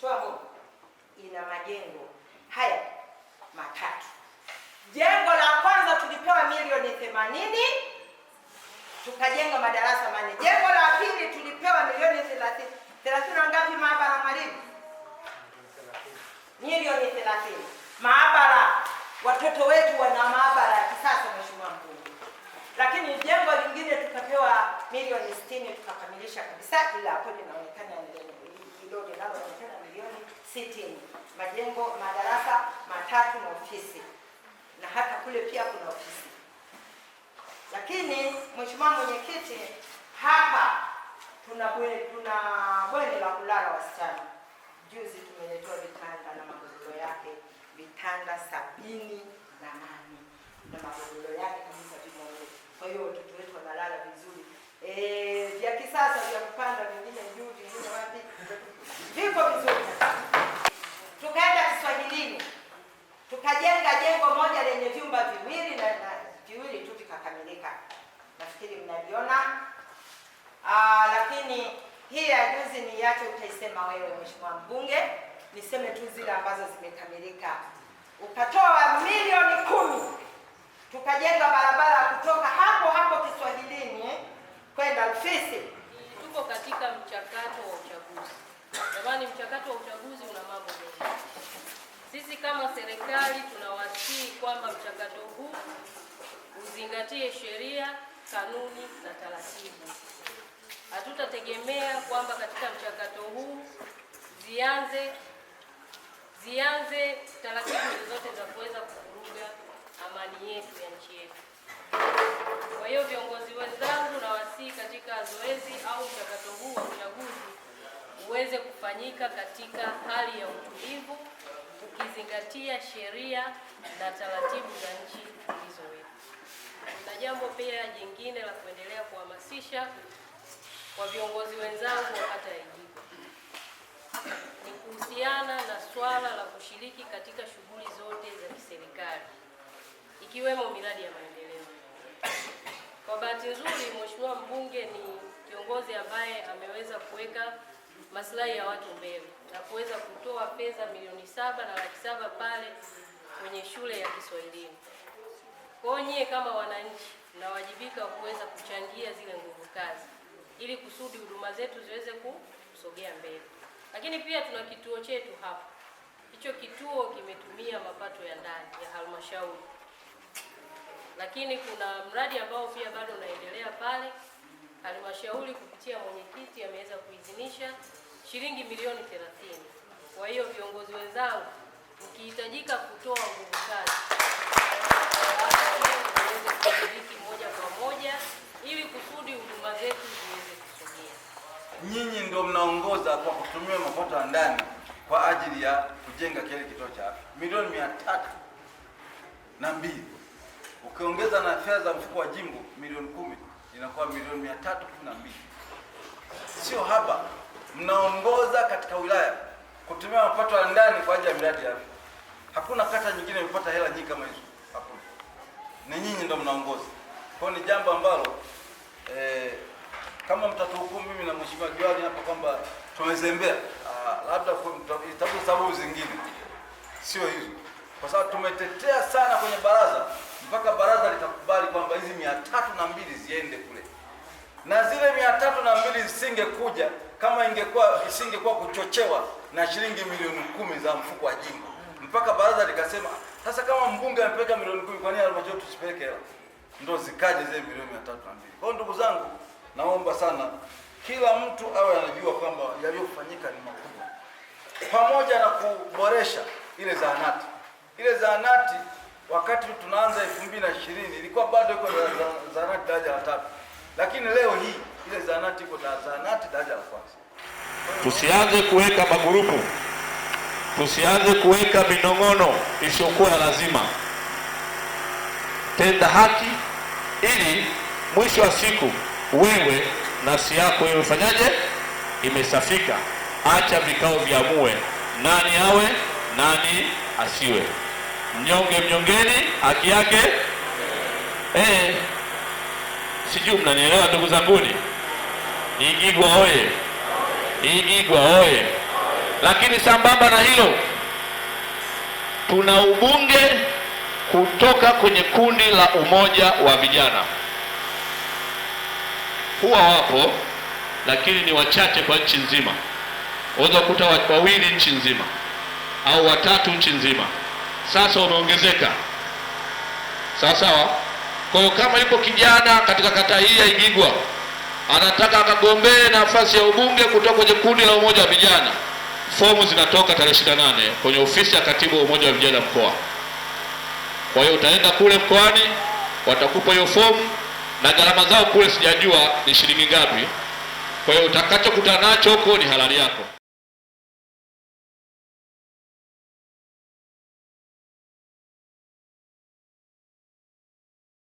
Chwako ina majengo haya matatu. Jengo la kwanza tulipewa milioni themanini tukajenga madarasa manne. Jengo la pili tulipewa milioni thelathini thelathini ngapi? Maabara mwalimu, milioni thelathini maabara, watoto wetu wana maabara ya kisasa, mheshimiwa mkuu. Lakini jengo lingine tukapewa milioni sitini tukakamilisha kabisa, ila hapo linaonekana endelea dogo linaloonekana milioni sitini, majengo madarasa matatu na ofisi, na hata kule pia kuna ofisi. Lakini mheshimiwa mwenyekiti, hapa tuna bweni la kulala wasichana. Juzi tumeletewa vitanda na magodoro yake vitanda sabini na nane na magodoro yake kabisa vimoja. Kwa hiyo watoto wetu wanalala vizuri, eh, vya kisasa vya kupanda lakini hii ya juzi ni yache utaisema wewe mheshimiwa mbunge. Niseme tu zile ambazo zimekamilika, ukatoa milioni kumi tukajenga barabara kutoka hapo hapo Kiswahilini eh, kwenda Rufisi. Tuko katika mchakato wa uchaguzi jamani, mchakato wa uchaguzi una mambo mengi. Sisi kama serikali tunawasihi kwamba mchakato huu uzingatie sheria, kanuni na taratibu hatutategemea kwamba katika mchakato huu zianze zianze taratibu zozote za kuweza kuvuruga amani yetu ya nchi yetu. Kwa hiyo viongozi wenzangu, nawasihi katika zoezi au mchakato huu wa uchaguzi uweze kufanyika katika hali ya utulivu, ukizingatia sheria na taratibu za nchi zilizowekwa. Na jambo pia jingine la kuendelea kuhamasisha kwa viongozi wenzangu wa kata ya Igigwa ni kuhusiana na swala la kushiriki katika shughuli zote za kiserikali ikiwemo miradi ya maendeleo. Kwa bahati nzuri, Mheshimiwa mbunge ni kiongozi ambaye ameweza kuweka maslahi ya watu mbele na kuweza kutoa pesa milioni saba na laki saba pale kwenye shule ya Kiswahilini. Kwa hiyo nyie kama wananchi mnawajibika kuweza kuchangia zile nguvu kazi ili kusudi huduma zetu ziweze kusogea mbele. Lakini pia tuna kituo chetu hapa, hicho kituo kimetumia mapato ya ndani ya halmashauri, lakini kuna mradi ambao pia bado unaendelea pale. Halmashauri kupitia mwenyekiti ameweza kuidhinisha shilingi milioni 30. Kwa hiyo viongozi wenzangu, mkihitajika kutoa nguvu kazi mnaongoza kwa kutumia mapato ya ndani kwa ajili ya kujenga kile kituo cha afya milioni mia tatu na mbili ukiongeza na fedha za mfuko wa jimbo milioni kumi inakuwa milioni mia tatu kumi na mbili Sio haba, mnaongoza katika wilaya kutumia mapato ya ndani kwa ajili ya miradi ya afya. Hakuna kata nyingine imepata hela nyingi kama hizo, hakuna. Ni nyinyi ndio mnaongoza. Kwa ni jambo ambalo eh, kama mtatuhukumu mimi na mheshimiwa Kiwali hapa kwamba tumezembea, ah, labda itakuwa sababu zingine, sio hizo, kwa sababu tumetetea sana kwenye baraza mpaka baraza litakubali kwamba hizi mia tatu na mbili ziende kule, na zile mia tatu na mbili zisingekuja kama ingekuwa isingekuwa kuchochewa na shilingi milioni kumi za mfuko wa jimbo, mpaka baraza likasema sasa, kama mbunge amepeleka milioni kumi, kwa nini halmashauri tusipeleke hela? Ndo zikaje zile milioni mia tatu na mbili. Kwa hiyo ndugu zangu naomba sana kila mtu awe anajua kwamba yaliyofanyika ni makubwa, pamoja na kuboresha ile zahanati. Ile zahanati wakati tunaanza elfu mbili na ishirini ilikuwa bado iko zahanati daraja la tatu, lakini leo hii ile zahanati iko na zahanati daraja la kwanza. Tusianze kuweka magurupu, tusianze kuweka minong'ono isiyokuwa lazima. Tenda haki ili mwisho wa siku wewe nafsi yako imefanyaje? Imesafika. Acha vikao viamue nani awe nani asiwe. Mnyonge mnyongeni haki yake. Eh, sijui mnanielewa ndugu zanguni. Igigwa oye! Igigwa oye! Lakini sambamba na hilo, tuna ubunge kutoka kwenye kundi la umoja wa vijana huwa wapo, lakini ni wachache kwa nchi nzima. Unaweza kukuta wawili nchi nzima au watatu nchi nzima. Sasa umeongezeka sawa sawa. Kwa hiyo kama yuko kijana katika kata hii ya Igigwa anataka akagombee nafasi ya ubunge kutoka kwenye kundi la umoja wa vijana, fomu zinatoka tarehe 28 kwenye ofisi ya katibu wa umoja wa vijana mkoa. Kwa hiyo utaenda kule mkoani, watakupa hiyo fomu na gharama zao kule sijajua ni shilingi ngapi. Kwa hiyo utakachokutana nacho huko ni halali yako.